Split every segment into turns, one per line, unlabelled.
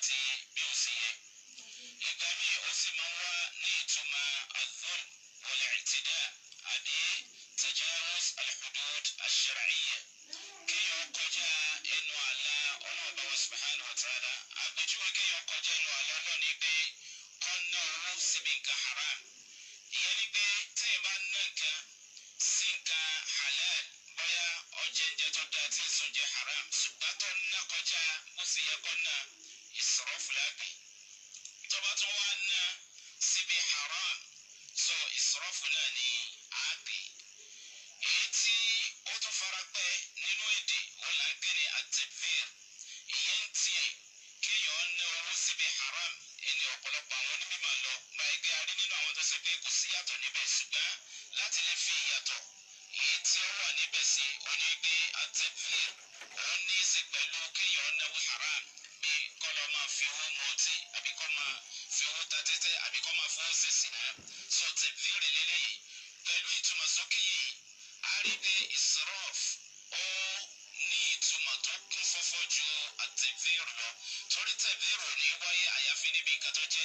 community onígbé àtẹ̀bíyẹ ó ní í ṣe pẹ̀lú kéèyàn náwó haram bí kọ́lọ́ máa fi owó mu ọtí àbí kọ́ máa fi owó ta tẹ́tẹ́ àbí kọ́ máa fowó ṣe sìnà so tẹ̀bíyẹ rẹ̀ lélẹ́yìn pẹ̀lú ìtumọ̀ sókè yìí a rí ó ní ìtumọ̀ tó kún fọ́fọ́ ju àtẹ̀bíyẹ lọ torí tẹ̀bíyẹ ò ní wáyé àyàfi níbi ìkàtọ́jẹ́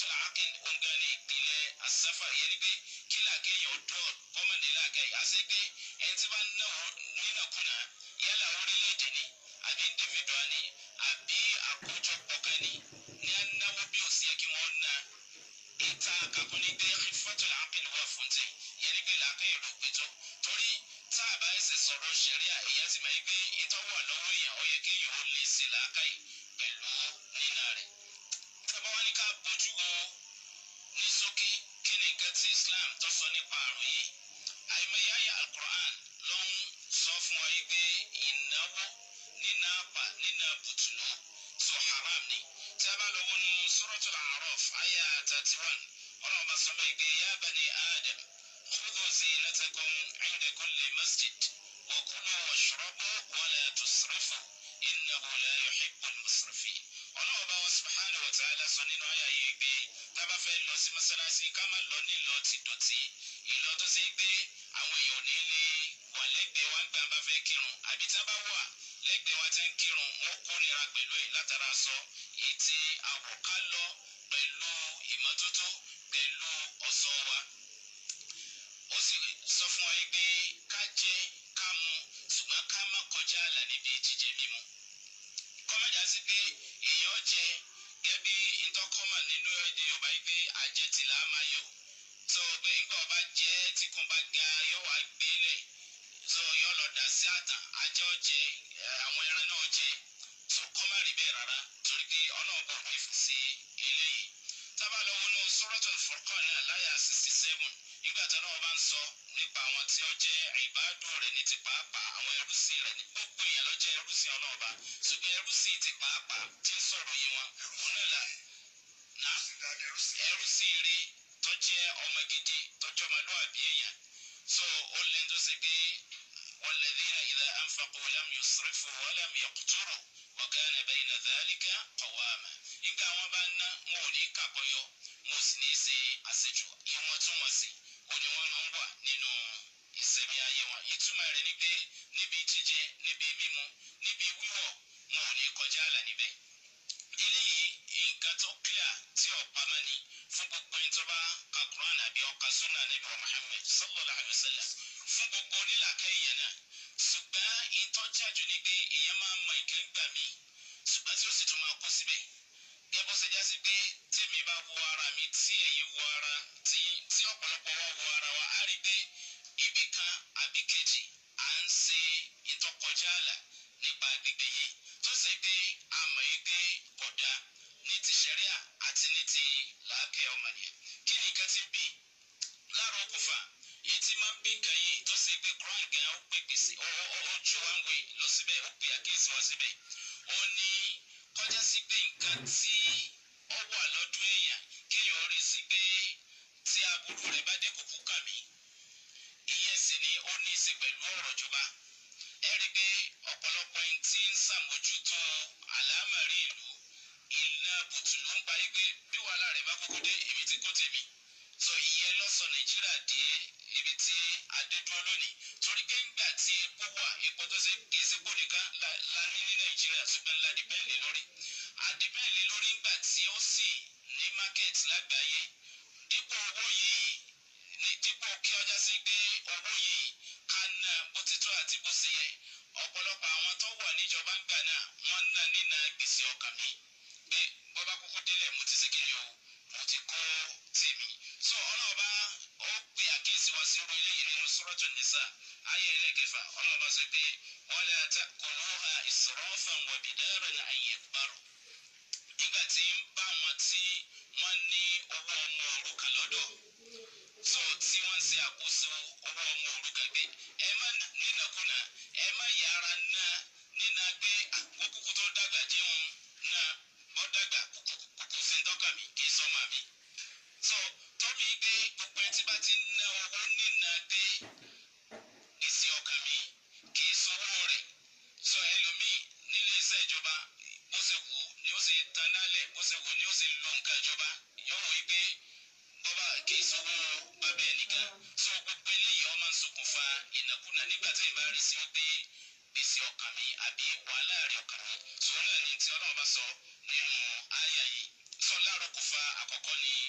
sifatu laakil onga ni ìpìlẹ̀ asafa yẹni pé kí làákẹ́ yẹn ó dọ̀ kọ́mọ̀dé làákẹ́ yẹn àti pé ẹni tí bá ń náwó nínàkúnà yálà orílẹ̀-èdè ni àbí individual ni àbí àkójọpọ̀ kan ni ní à ń náwó bí ó sì yẹ kí wọ́n ná ìta kakọ́ni pé sifatu laakil wà fún ti asrafa innahu la yuhibbu al-musrifin ọlọ́run bá wa subhanahu wa ta'ala sọ nínú àyà yìí pé tábà fẹ́ lọ sí mọ́sálásí ká má lọ nílọ ti dọ̀tí ìlọ tó ṣe pé àwọn èèyàn ò ní lè wà lẹ́gbẹ̀ẹ́ wa ń gbà bá fẹ́ kírun àbí tábà wà lẹ́gbẹ̀ẹ́ wa ti ń kírun wọn kórìíra pẹ̀lú ẹ̀ látara sọ èyí tí lọ tọ́lọ́ ọba ń sọ nípa àwọn tí ó jẹ́ ìbádùn rẹ̀ ní ti pàápàá àwọn ẹrúsìn rẹ̀ ní gbogbo èèyàn ló jẹ́ ẹrúsìn ọlọ́ọ̀ba ṣùgbọ́n ẹrúsìn ti pàápàá tí ń sọ̀rọ̀ yìí wọn òun náà là ẹrúsìn rẹ̀ tó jẹ́ ọmọ gidi tó jẹ́ ọmọlúwàbí èèyàn so ó lẹ́yìn tó ṣe pé والذين إذا أنفقوا لم يسرفوا ولم يقتروا وكان بين ذلك قواما إن كان ṣe kì í ṣe pò nìkan la ní ní nàìjíríà la dìbẹ́ẹ̀lì lori, àdìbẹ́ẹ̀lì lórí ńgbà tí ó sì ni market lágbàáyé dípò owó yìí ni dipo kí ọjà sí pé owó yìí ká ná bó ti tó àti bó ṣe yẹ ọ̀pọ̀lọpọ̀ àwọn tó wà níjọba ńgbà náà wọ́n ná nínà gbèsè ọkàn mi pé bọ́bá kúkú délẹ̀ mo ti ṣe kiri mo ti kó tèmi so ọlọ́ọ̀bá ó pe àkíyèsí wa sí orí ilé yìí nínú Suratul ayé ẹlẹ́kẹfà ọlọ́run bá sọ pé wala ta'kuluha israfan wa bidaran an yakbaru nígbà tí Secondly,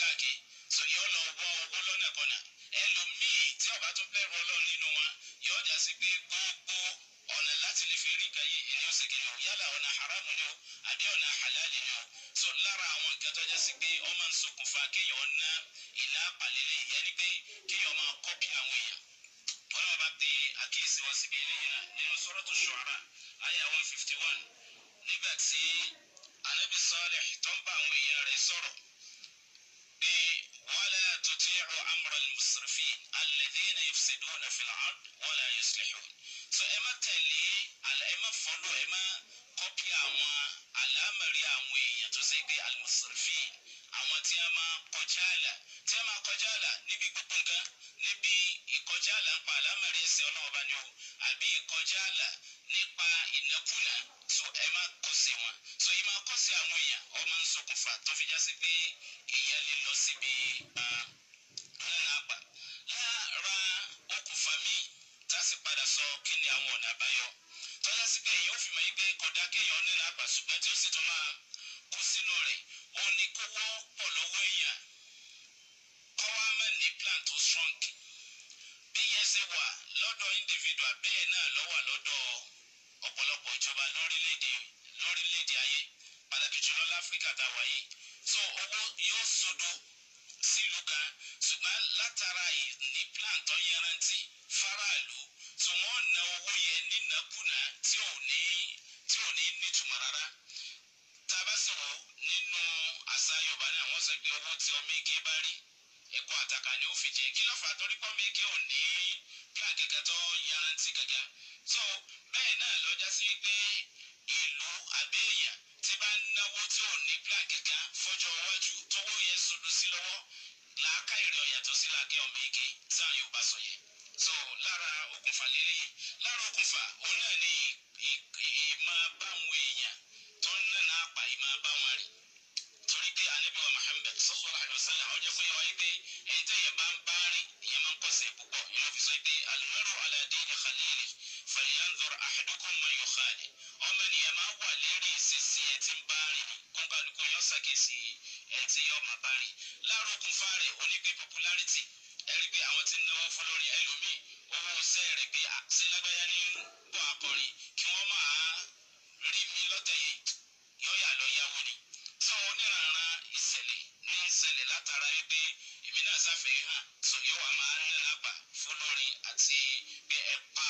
káàkiri so yóò lọ wọ owó lọ́nàkọ́nà ẹlòmíì tí ọba tún bẹ̀rù ọlọ́run nínú wọn yóò jà sí pé gbogbo ọ̀nà láti lè fi rí nǹkan yìí èyí ó sì kiri o yálà ọ̀nà haramu ni o àbí ọ̀nà halali ni o so lára àwọn nǹkan tó jà sí pé ọmọ ń ṣokùnfà kéèyàn ọ̀nà ìlà pàlélẹ̀ yẹni pé kéèyàn máa kọ́pì àwọn èèyàn ọlọ́run bá pe àkíyèsí wọn síbi eléyìí náà nínú suratu Shu'ara àyà one fifty one nígbà tí anabi Salih tó ń bá àwọn èèyàn rẹ̀ sọ̀rọ̀ المسرفين الذين يفسدون في الأرض ولا يصلحون so ẹ má tẹ̀lé ẹ má fọ́lọ́ ẹ má kọ́pì àwọn àlámọ̀rí àwọn èèyàn tó ṣe pé al-musrifin àwọn tí a máa kọjá àlà tí a máa kọjá àlà níbi gbogbo nǹkan níbi ìkọjá àlà nípa àlámọ̀rí ẹ̀sìn ọlọ́ọ̀bá ni o àbí ìkọjá àlà nípa ìnákùlà so ẹ má kó sí wọn so ẹ má kó sí àwọn èèyàn ó máa tó fi já sí pé ìyá lè lọ síbi. Uh, padà sọ kí ni àwọn ọ̀nà àbáyọ tọ́já sí pé èèyàn ò fi mọ̀ kọ̀dá kéèyàn ní làápà ṣùgbọ́n tí ó sì tún máa kó sínú rẹ̀ òun ni kówó látara wípé èmi náà sáfẹ́ hàn so yóò wá máa ń nana gbà fún lórin àti pé ẹ pa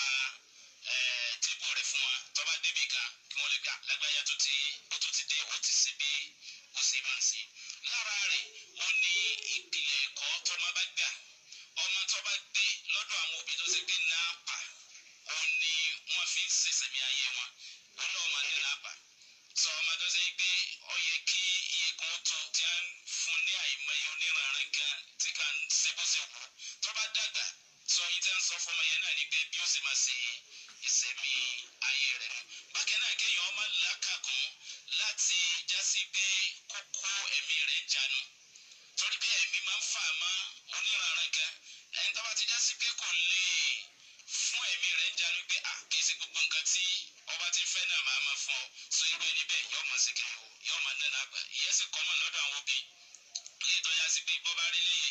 tíbù rẹ̀ fún wa tó débi kan kí wọ́n lè gbà lágbáyà tó ti ó tó ti dé ó ti ṣe bí ó ṣe máa ṣe lára rẹ̀ ó ní. náà máa fún ọ so irú ẹni bẹ́ẹ̀ yóò mọ̀ sí kiri o yóò mọ̀ nínú àgbà ìyẹn sì kọ́ mọ̀ lọ́dọ̀ àwọn òbí èyí tó sí pé bọ́ rí léyìí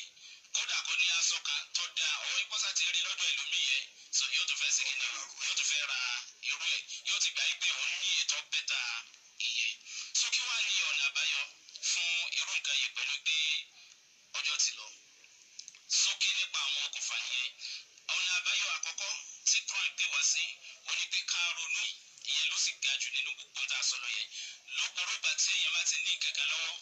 kódà kó ní asọ́ka tó da ọ̀ ìpọ́sà ti rí lọ́dọ̀ ẹlòmíì yẹn so yóò tún fẹ́ sí kí ni yóò tún fẹ́ ra irú ẹ̀ yóò ti gbà yí òun ní ètò bẹ́tà ìyẹn so kí wàá ní ọ̀nà àbáyọ fún irú nǹkan yìí pẹ̀lú pé ọjọ́ ti lọ sókè nípa àwọn okùnfà yẹn tán ìpè wá sí òní pé ká ronú ìyẹn ló sì ga jù nínú gbogbo tá a sọ lọ yẹn lóporó ìgbà tí èèyàn bá ti ní kankan lọ́wọ́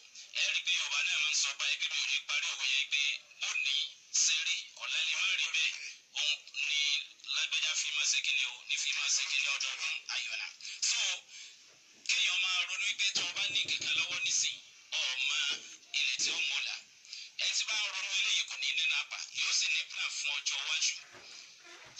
ẹ pé yorùbá náà máa ń sọ báyìí pé mi parí òwe yẹn pé ó ní sẹ́rí ọ̀la má rí bẹ́ẹ̀ òun ni lágbẹ́já fi máa ṣe kíni o ní fi máa ṣe kíni ọdọọdún ayọ̀nà so kéèyàn máa ronú pé tó o bá ní kankan lọ́wọ́ nísìnyí ọ̀ọ́mà ilé tí ó mọ̀ọ́lá ẹ ti bá ń ronú eléyìí kò ní nínú apá yóò sì ní plan fún ọjọ́ iwájú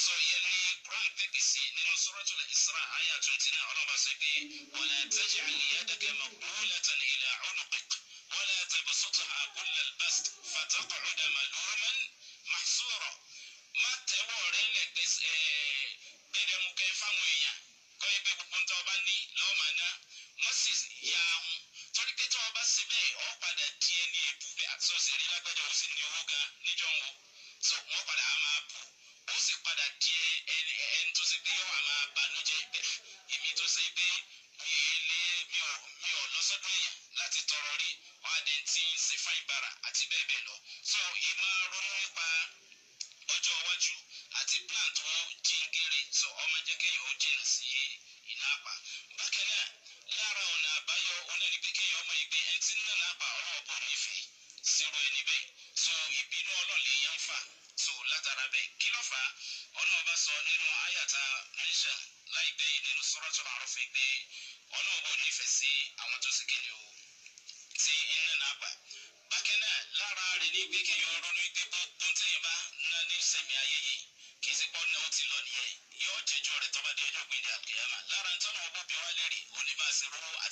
so yẹnu yẹ quran tẹ́kì sí nínú suratul isra aya twenty nine ọlọ́ba sọ pé wala taj'al yadaka maqbulatan ila unuqik wala tabsutha kullal bast fataq'uda maluman mahsura má tẹ́wọ́ rẹ lẹ́gbẹ̀ẹ́ gbẹdẹmukẹ́ fáwọn èèyàn kọ́ ẹgbẹ́ gbogbo ntọ́ ọba ní lọ́ọ̀mà náà wọ́n sì yà á hún torí pé tí wọ́n bá ṣe bẹ́ẹ̀ ọ́ padà di ẹni èbú àti ọ̀sẹ̀ rí lágbájá òsì ní owó gan níjọ́ ń wo so wọ́n padà á máa bù padà di ẹni ẹni tó ṣe pé yóò wà máa banújẹ́ ibẹ̀ èmi tó ṣe pé mi ò lé mi ò mi ò lọ sọ́dọ̀ èèyàn láti tọrọ rí ọ̀hádẹ tí ń ṣe fáin bara àti bẹ́ẹ̀ bẹ́ẹ̀ lọ so ìmọ̀ ronú nípa ọjọ́ iwájú àti plan tó jíngèrè so ọmọ jẹ́ kéèyàn ó jìnnà sí iná àpà bákan náà lára ọ̀nà àbáyọ onílẹ̀ ọmọ ìgbé ẹni tí ń nà lápá ọlọ́ọ̀bọ̀ nífẹ̀ẹ́ sírò ẹni bẹ́ẹ̀ so ìbínú ọlọ́ọ̀lì yẹn ń fà so látara bẹ́ẹ̀ kí ló fà á ọlọ́ọ̀bá sọ nínú ayàtà mẹ́ńṣà láìpẹ́ yìí nínú suratul A'raf pé ọlọ́ọ̀bá ò nífẹ̀ẹ́ sí àwọn tó sì kéde o ti iná náà gbà bákan náà lára rẹ̀ ní pé kéèyàn ronú pé gbogbo téèyàn bá ná ní sẹ̀mí ayé yìí kì í sì pọ́ náà ó ti lọ nìyẹn yóò jẹjọ́ rẹ̀ tọ́ba dé ọjọ́ gbìndé àkèyàmà lára